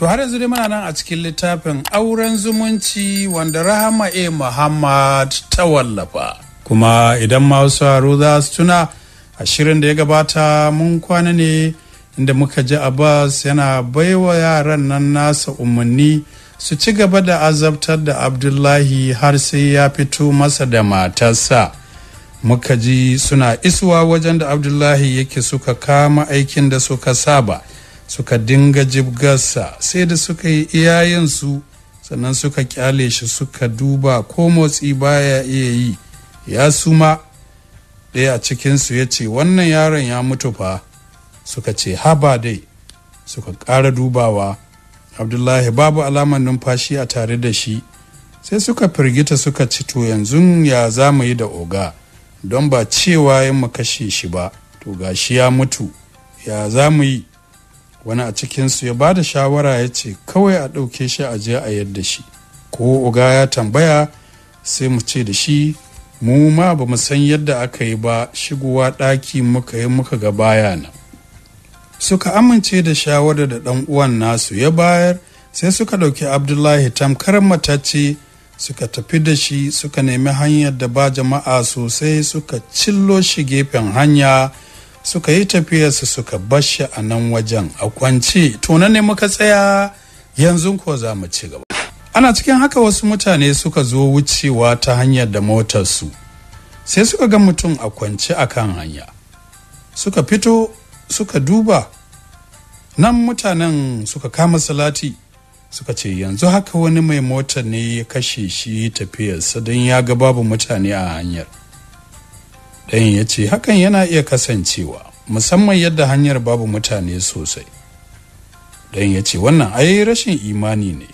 To har yanzu dai muna nan a cikin littafin auren zumunci wanda Rahama A. Muhammad ta wallafa. Kuma idan wasu haro za su tuna a shirin da ya gabata mun kwana ne inda muka ji Abbas yana baiwa yaran nan nasa umarni su ci gaba da azabtar da Abdullahi har sai ya fito masa da matarsa. Muka ji suna isuwa wajen da Abdullahi yake suka kama aikin da suka saba. suka dinga jibgarsa sai da suka yi iyayensu sannan suka kyale shi suka duba ko motsi baya iya yi ya suma ɗaya a cikinsu ya ce wannan yaron ya mutu fa suka ce haba dai suka ƙara dubawa abdullahi babu alamar numfashi a tare da shi sai suka firgita suka ci to yanzu ya za mu yi da oga don ba cewa yin mu kashe shi ba to gashi ya mutu ya za mu yi wani a cikinsu ya bada shawara ya ce kawai a ɗauke shi a je a yadda shi ko uga ya tambaya sai mu ce da shi mu ma ba mu san yadda aka yi ba shigowa ɗaki muka yi muka ga baya nan suka amince da shawarar da ɗan uwan nasu ya bayar sai suka ɗauki abdullahi tamkar matacce suka tafi da shi suka nemi hanyar da ba jama'a sosai suka cillo shi gefen hanya suka yi tafiyarsu suka bashi a nan wajen a kwanci tunan ne muka tsaya yanzu ko za mu ci gaba ana cikin haka wasu mutane suka zo wucewa ta hanyar da motarsu sai suka ga mutum a kwance a kan hanya suka fito suka duba nan mutanen suka kama salati suka ce yanzu haka wani mai motar ne ya kashe shi tafiyarsa don ya ga babu mutane a hanyar ɗayan ya ce hakan yana iya kasancewa musamman yadda hanyar babu mutane sosai ɗayan ya ce wannan ai rashin imani ne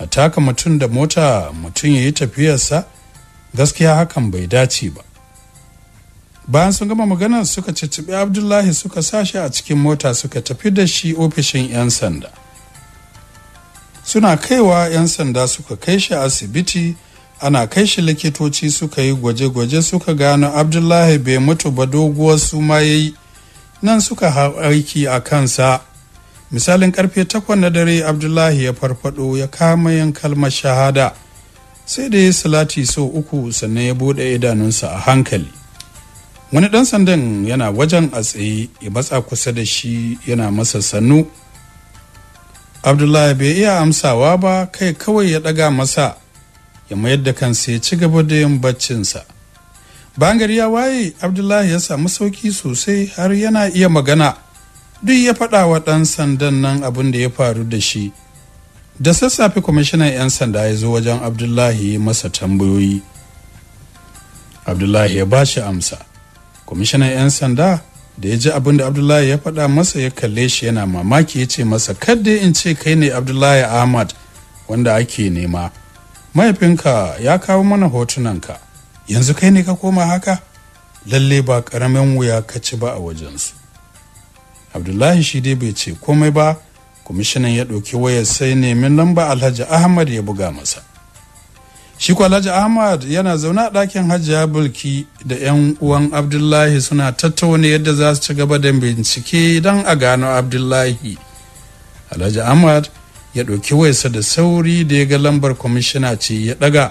a taka mutum da mota mutum ya yi tafiyarsa gaskiya hakan bai dace ba bayan sun gama maganar suka cicibi abdullahi suka sashi a cikin mota suka tafi da shi ofishin 'yan sanda suna kaiwa 'yan sanda suka kai shi asibiti ana kai shi likitoci suka yi gwaje-gwaje suka gano abdullahi bai mutu ba doguwar su ma ya yi nan suka hau aiki a kansa misalin karfe takwas na dare abdullahi ya farfado ya kama yan kalmar shahada sai da ya salati sau uku sannan ya bude idanunsa a hankali wani dan sandan yana wajen a tsaye ya matsa kusa da shi yana masa sannu abdullahi bai iya amsawa ba kai kawai ya daga masa ya mayar da kansa ya ci gaba da yin baccinsa bayan ya waye abdullahi ya samu sauki sosai har yana iya magana duk ya faɗa wa ɗan sandan nan abin da ya faru da shi da sassafe kwamishinan 'yan sanda ya zo wajen abdullahi masa tambayoyi abdullahi ya ba shi amsa kwamishinan 'yan sanda da ya ji abin da abdullahi ya faɗa masa ya kalle shi yana mamaki ya ce masa kadda in ce kai ne abdullahi ahmad wanda ake nema mahaifinka ya kawo mana hotunanka yanzu kai ne ka koma haka lalle ba karamin wuya ka ci ba a wajensu abdullahi shi dai bai ce komai ba kwamishinan ya ɗauki wayar sai nemin lamba alhaji ahmad ya buga masa shi ko alhaji ahmad yana zaune a ɗakin hajjiya bulki da 'yan uwan abdullahi suna tattauna yadda za su ci gaba da bincike don a gano abdullahi alhaji ahmad ya ɗauki wayarsa da sauri da ya ga lambar kwamishina ce ya ɗaga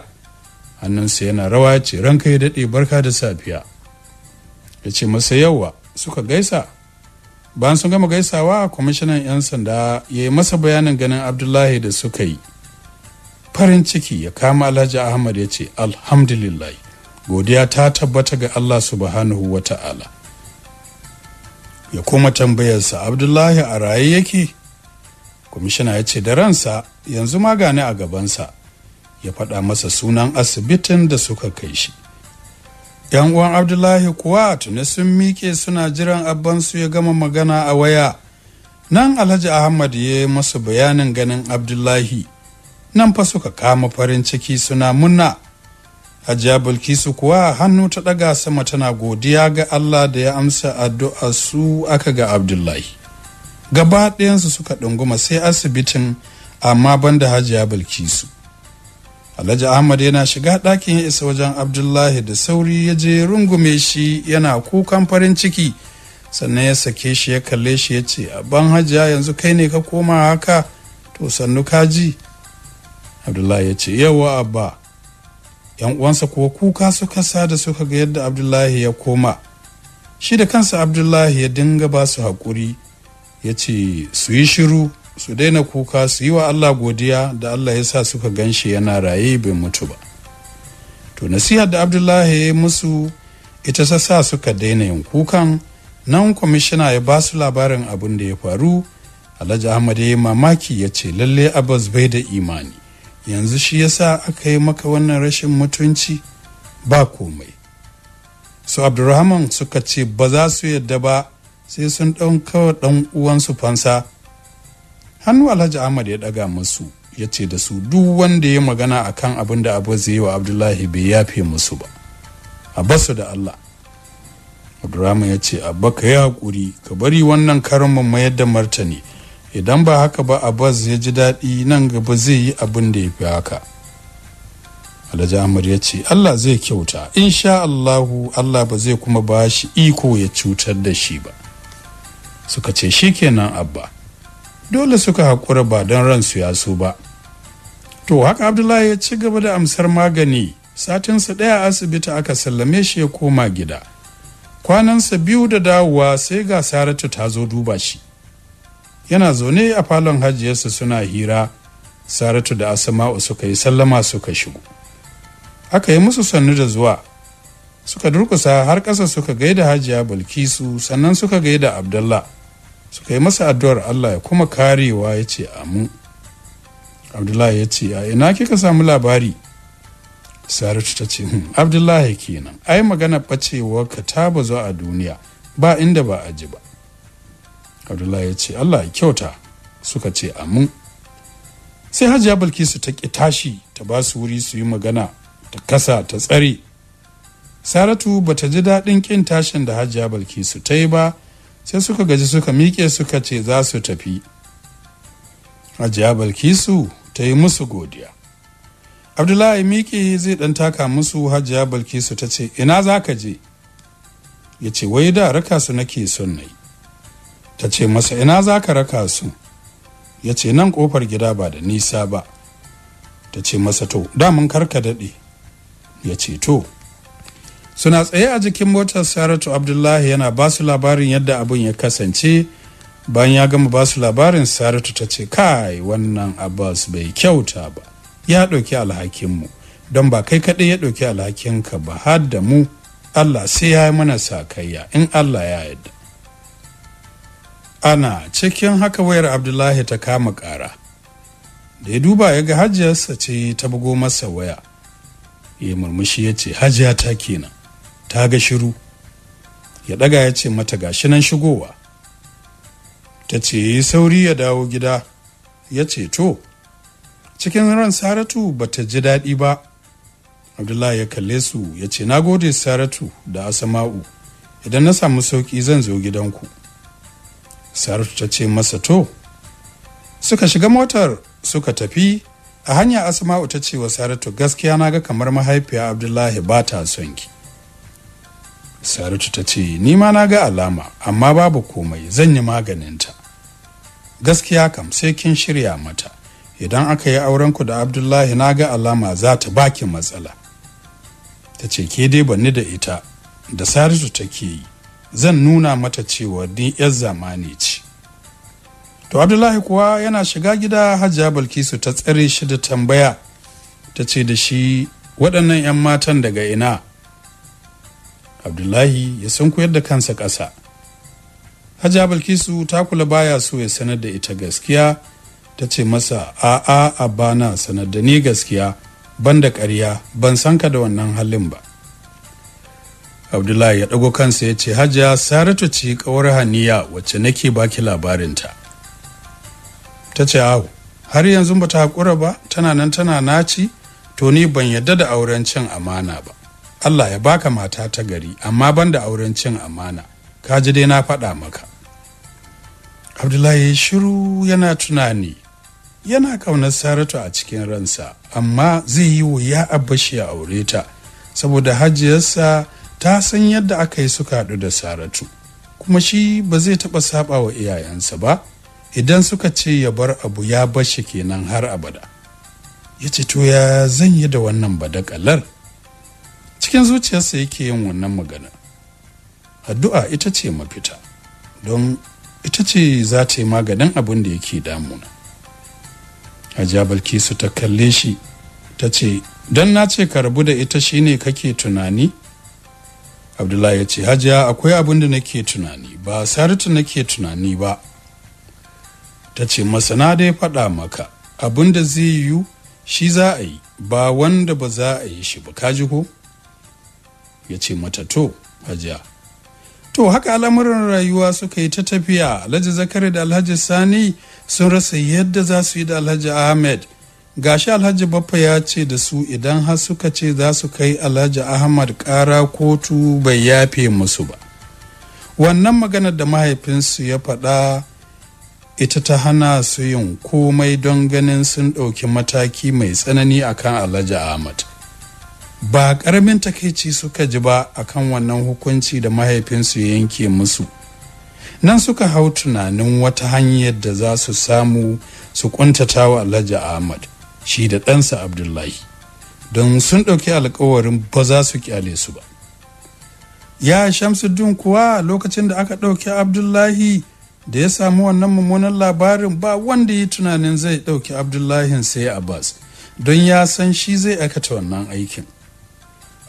hannunsa yana rawa ce ranka ya daɗe barka da safiya ya ce masa yawa suka gaisa bayan sun gama gaisawa kwamishinan 'yan sanda ya yi masa bayanin ganin abdullahi da suka yi farin ciki ya kama alhaji ahmad ya ce alhamdulillah godiya ta tabbata ga allah subhanahu wa ta'ala ya kuma tambayarsa abdullahi a raye yake kwamishina ya ce da ransa yanzu magani a gabansa ya faɗa masa sunan asibitin da suka kai shi yan uwan abdullahi kuwa tuni sun miƙe suna jiran abansu ya gama magana a waya nan alhaji ahmad ya yi masu bayanin ganin abdullahi nan fa suka kama farin ciki suna munna hajiya bilkisu kuwa hannu ta ɗaga sama tana godiya ga allah da ya amsa addu'a su aka ga abdullahi gaba ɗayansu suka ɗunguma sai asibitin amma banda hajiya bilkisu alhaji ahmad yana shiga ɗakin ya isa wajen abdullahi da sauri ya je rungume shi yana kukan farin ciki sannan ya sake shi ya kalle shi ya ce ban hajiya yanzu kai ne ka koma haka to sannu kaji abdullahi ya ce yawa abba yan uwansa ko kuka suka sa da suka ga yadda abdullahi ya koma shi da kansa abdullahi ya dinga ba su haƙuri ya ce su yi shiru su daina kuka su yi wa allah godiya da allah ya sa suka ganshi yana raye bai mutu ba to nasihar da abdullahi ya musu ita ta sa suka daina yin kukan nan kwamishina ya ba su labarin abin da ya faru alhaji ahmad ya yi mamaki ya ce lalle abbas bai da imani yanzu shi ya sa aka yi maka wannan rashin mutunci ba komai su abdurrahman suka ce ba za su yadda ba sai sun ɗaukawa ɗan uwansu fansa hannu alhaji ahmad ya ɗaga musu ya ce da su duk wanda ya magana a kan abin da abu zai yi wa abdullahi bai yafe musu ba a basu da allah abdurrahman ya ce abba ka yi haƙuri ka bari wannan karin mu mayar da martani idan ba haka ba abbas ya ji daɗi nan gaba zai yi abin da ya fi haka alhaji ahmad ya ce allah zai kyauta insha allahu allah ba zai kuma ba shi iko ya cutar da shi ba suka ce shi kenan abba dole suka haƙura ba don ransu ya so ba to haka abdullahi ya ci gaba da amsar magani satinsa ɗaya asibiti aka sallame shi ya koma gida kwanansa biyu da dawowa sai ga saratu ta zo duba shi yana zaune a falon hajiyarsa suna hira saratu da asama'u suka yi sallama suka shigo aka yi musu sannu da zuwa suka durkusa har ƙasa suka gaida hajiya bulkisu sannan suka gaida abdalla suka yi masa addu'ar allah ya kuma karewa ya ce amin abdullahi ya ce a ina kika samu labari saratu ta ce hmm, abdullahi kenan ai magana bacewa ka ta bazo a duniya ba inda ba a ji ba abdullahi ya ce allah ya kyauta suka ce amin sai hajiya bilkisu ta ƙi tashi ta ba su wuri su yi magana ta kasa ta tsare saratu bata ji daɗin ƙin tashin da hajiya balkisu ta yi ba sai suka gaji suka miƙe suka ce za su tafi hajiya balkisu ta yi musu godiya abdullahi miƙe zai ɗan taka musu hajiya balkisu ta ce ina za ka je ya ce wai da raka su nake son nai ta ce masa ina za ka raka su ya ce nan ƙofar gida ba da nisa ba ta ce masa to da mun karka daɗe ya ce to suna tsaye a jikin motar saratu abdullahi yana ba su labarin yadda abin ya kasance bayan ya gama ba su labarin saratu ta ce kai wannan abbas bai kyauta ba ya ɗauki alhakinmu don ba kai kaɗai ya ɗauki alhakinka ba har da mu allah sai ya yi mana sakayya in allah ya yadda. ana cikin haka wayar abdullahi ta kama ƙara da ya duba ya ga hajiyarsa ce ta bugo masa waya ya murmushi ya ce hajiya ta kenan ta ga shiru ya daga ya ce mata gashi nan shigowa ta ce sauri ya dawo gida ya ce to cikin ran saratu ba ta ji daɗi ba abdullahi ya kalle su ya ce na gode saratu da asama'u idan na samu sauƙi zan zo gidanku saratu ta ce masa to suka shiga motar suka tafi a hanya Asama'u ta ce wa saratu gaskiya na ga kamar mahaifiya abdullahi ba ta sonki saratu ta ce ni ma na ga alama amma babu komai zan yi maganinta gaskiya kam sai kin shirya mata idan aka yi auren ku da abdullahi na ga alama za ta baki matsala ta ce ke dai ni da ita da saratu ke yi zan nuna mata cewa ni yar zamani ce to abdullahi kuwa yana shiga gida hajiya balkisu ta tsare shi da tambaya ta ce da shi waɗannan 'yan matan daga ina abdullahi ya san koyar da kansa ƙasa hajiya bilkisu ta kula baya so ya sanar da ita gaskiya ta ce masa a'a a bana sanar da ni gaskiya ban da ƙarya ban san ka da wannan halin ba abdullahi ya ɗago kansa ya ce hajiya saratu ce ƙawar haniya wacce nake baki labarinta ta ce awo har yanzu ba ta haƙura ba tana nan tana naci to ni ban yadda da auren cin amana ba Allah ya baka mata ta gari amma banda auren cin amana ka ji dai na faɗa maka abdullahi shiru yana tunani yana kaunar saratu a cikin ransa amma zai yi wuya a bashi ya aure ta saboda hajiyarsa ta san yadda aka yi suka haɗu da saratu kuma shi ba zai taɓa saɓa wa iyayensa ba idan suka ce ya bar abu ya bashi kenan har abada ya ce to ya zan yi da wannan badakalar cikin zuciyarsa yake yin wannan magana addu'a ita ce mafita don ita ce za ta yi maganin abin da yake damuna hajiya ta kalle shi ta ce don na ce ka rabu da ita shine kake tunani abdullahi ya ce hajiya akwai abin da nake tunani ba saratu nake tunani ba ta ce masana ya faɗa maka abin da zai yiwu shi za a yi ba wanda ba za a yi shi ba ka ji ko ya ce mata to hajiya to haka al'amuran rayuwa suka yi ta tafiya alhaji zakari da alhaji sani sun rasa yadda za su yi da alhaji ahmed gashi alhaji baffa ya ce da su idan har suka ce za su kai alhaji ahmad ƙara kotu bai yafe musu ba wannan maganar da mahaifinsu ya faɗa ita ta hana su yin komai don ganin sun ɗauki mataki mai tsanani akan alhaji ahmad ba karamin takaici suka ji ba akan wannan hukunci da mahaifinsu ya yanke musu nan suka hau tunanin wata hanyar da za su samu su kuntata wa alhaji ahmad shi da ɗansa abdullahi don sun ɗauki alkawarin ba za su kyale su ba ya shamsuddin kuwa lokacin da aka ɗauki abdullahi da ya samu wannan mummunan labarin ba wanda yi tunanin zai ɗauki abdullahin sai abbas don ya san shi zai aikata wannan aikin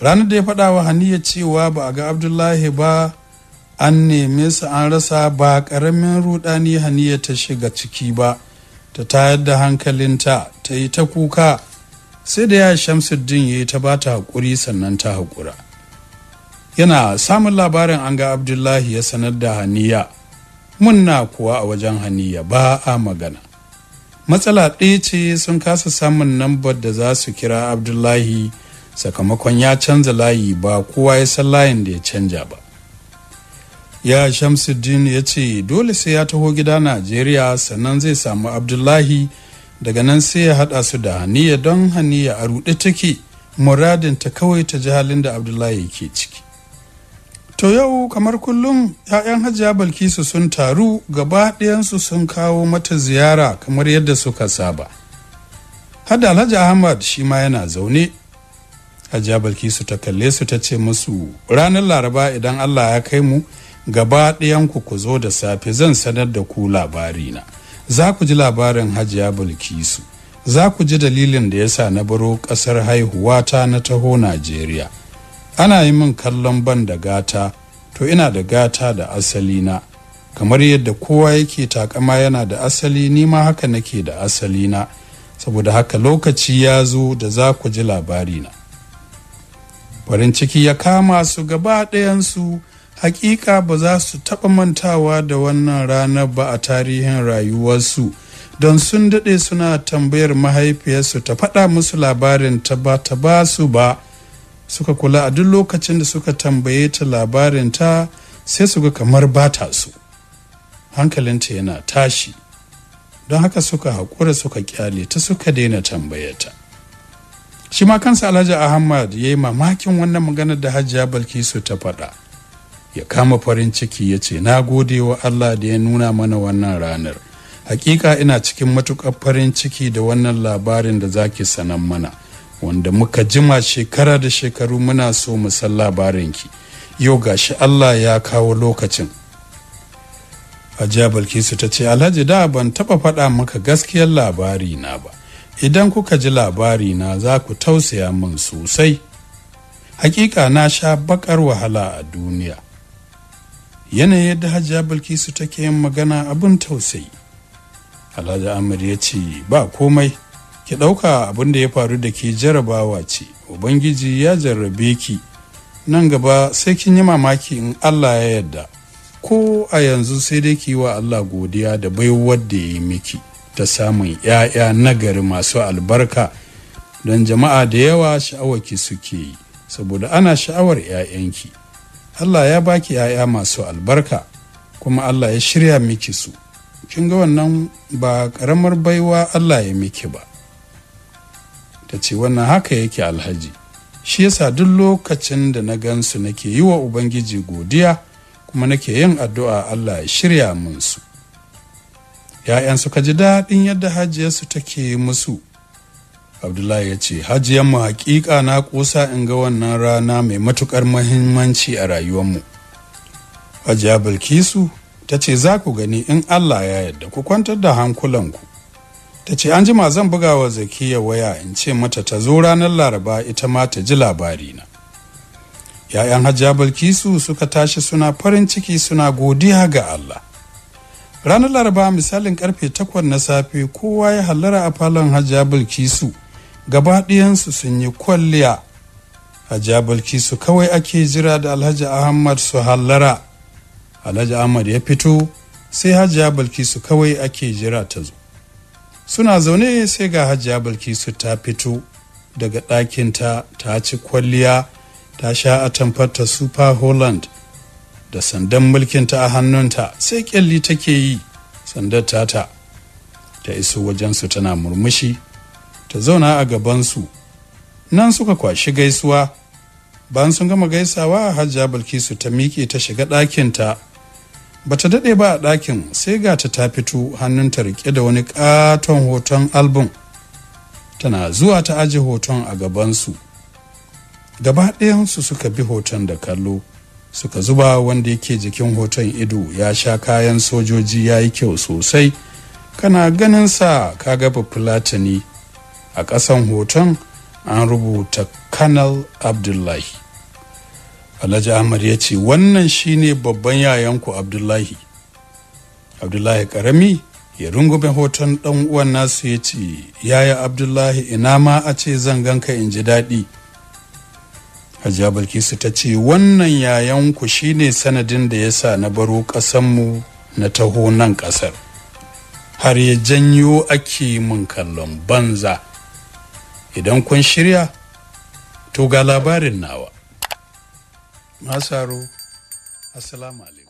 ranar da ya faɗa wa haniya cewa ba a ga abdullahi ba an neme su an rasa ba ƙaramin rudani haniya ta shiga ciki ba ta tayar da hankalinta ta yi ta kuka sai da ya shamsuddin ya yi ta ba ta haƙuri sannan ta haƙura yana samun labarin an ga abdullahi ya sanar da haniya munna kuwa a wajen haniya ba a magana matsala ɗaya ce sun kasa samun nambar da za su kira abdullahi sakamakon ya canza layi ba kowa ya san layin da ya canja ba ya shamsuddin ya ce dole sai ya taho gida najeriya sannan zai samu abdullahi daga nan sai ya haɗa su da haniya don haniya a rude take muradin ta kawai ta ji halin da abdullahi ke ciki to yau kamar kullum 'ya'yan hajiya balkisu sun taru gaba ɗayansu sun kawo mata ziyara kamar yadda suka saba hada alhaji ahmad shi ma yana zaune hajiya balkisu ta kalle su ta ce musu ranar laraba idan allah ya kai mu gaba ɗayanku ku ku zo da safe zan sanar da ku labari na za ku ji labarin hajiya bilkisu za ku ji dalilin da yasa na baro ƙasar ta na taho najeriya ana yi min kallon ban da gata to ina da gata da asali na kamar yadda kowa yake takama yana da asali ni ma haka nake da asali na saboda haka lokaci ya zo da za ku ji labari na. farin ciki ya kama su gaba ɗayansu hakika ba za su taɓa mantawa da wannan ranar ba a tarihin rayuwarsu don sun daɗe suna tambayar mahaifiyarsu ta faɗa musu labarin ta ba ta ba su ba suka kula a duk lokacin da suka tambaye ta labarin ta sai su ga kamar bata su hankalinta yana tashi don haka suka haƙura suka kyale ta suka daina tambayeta. ta shi ma kansa alhaji ahmad ya yi mamakin wannan maganar da hajiya balkisu ta faɗa ya kama farin ciki ya ce na gode wa allah da ya nuna mana wannan ranar hakika ina cikin matukar farin ciki da wannan labarin da za ki sanan mana wanda muka jima shekara da shekaru muna so mu san labarin ki yau gashi allah ya kawo lokacin hajiya balkisu ta ce alhaji da ban taba faɗa maka gaskiyar labari na ba idan kuka ji labari na za ku tausaya min sosai hakika na sha bakar wahala a duniya yanayin yadda hajiya bilkisu take yin magana abin tausayi alhaji amir ya ce ba komai ki ɗauka abin da ya faru da ke jarabawa ce ubangiji ya jarrabe ki nan gaba sai kin yi mamaki in allah ya yarda ko a yanzu sai dai ki yi wa allah godiya da baiwar da ya yi miki ta samun 'ya'ya nagari masu albarka don jama'a da yawa sha'awarki suke yi saboda ana sha'awar 'ya'yanki allah ya baki 'ya'ya masu albarka kuma allah ya shirya miki su kin ga wannan ba karamar baiwa allah ya miki ba ta ce wannan haka yake alhaji shi yasa duk lokacin da na gansu nake yi wa ubangiji godiya kuma nake yin addu'a allah ya shirya min su 'ya'yan suka ji daɗin yadda hajiyarsu take musu abdullahi ya ce hajiyar mu hakika na ƙusa in ga wannan rana mai matukar mahimmanci a rayuwar mu. hajiya bilkisu ta ce za ku gani in allah ya yarda ku kwantar da hankulanku ta ce an jima zan buga wa zakiya waya in ce mata ta zo ranar laraba ita ma ta ji labarina ‘ya'yan hajiya bilkisu suka tashi suna farin ciki suna godiya ga allah ranar laraba misalin karfe takwas na safe kowa ya hallara a falon hajiya bilkisu gaba ɗayansu sun yi kwalliya hajiya bilkisu kawai ake jira da alhaji ahmad su hallara alhaji ahmad ya fito sai hajiya bilkisu kawai ake jira ta zo suna zaune sai ga hajiya bilkisu ta fito daga ɗakinta ta ci kwalliya ta sha atamfarta super holland da sandan mulkinta a hannunta sai kyalli take yi sandar tata ta iso wajensu tana murmushi ta zauna a gabansu nan suka kwashi gaisuwa bayan sun gama gaisawa a hajja bilkisu ta miƙe ta shiga ɗakinta ba ta daɗe ba a ɗakin sai ga ta ta fito hannunta riƙe da wani ƙaton hoton album tana zuwa ta aji hoton a gabansu gaba ɗayansu suka bi hoton da kallo suka zuba wanda yake jikin hoton ido ya sha kayan sojoji ya yi kyau sosai kana ganin sa ka gaba fulatani a ƙasan hoton an rubuta kanal abdullahi alhaji ahmad ya ce wannan shine babban yayanku abdullahi abdullahi karami ya rungume hoton dan uwan nasu ya ce yaya abdullahi ina ma a ce zan ganka in ji daɗi hajiya bilkisu ta ce wannan yayanku ne sanadin da ya sa na baro ƙasanmu na taho nan ƙasar har ya janyo ake mun kallon banza idan kun shirya to ga labarin nawa masaro assalamu alaikum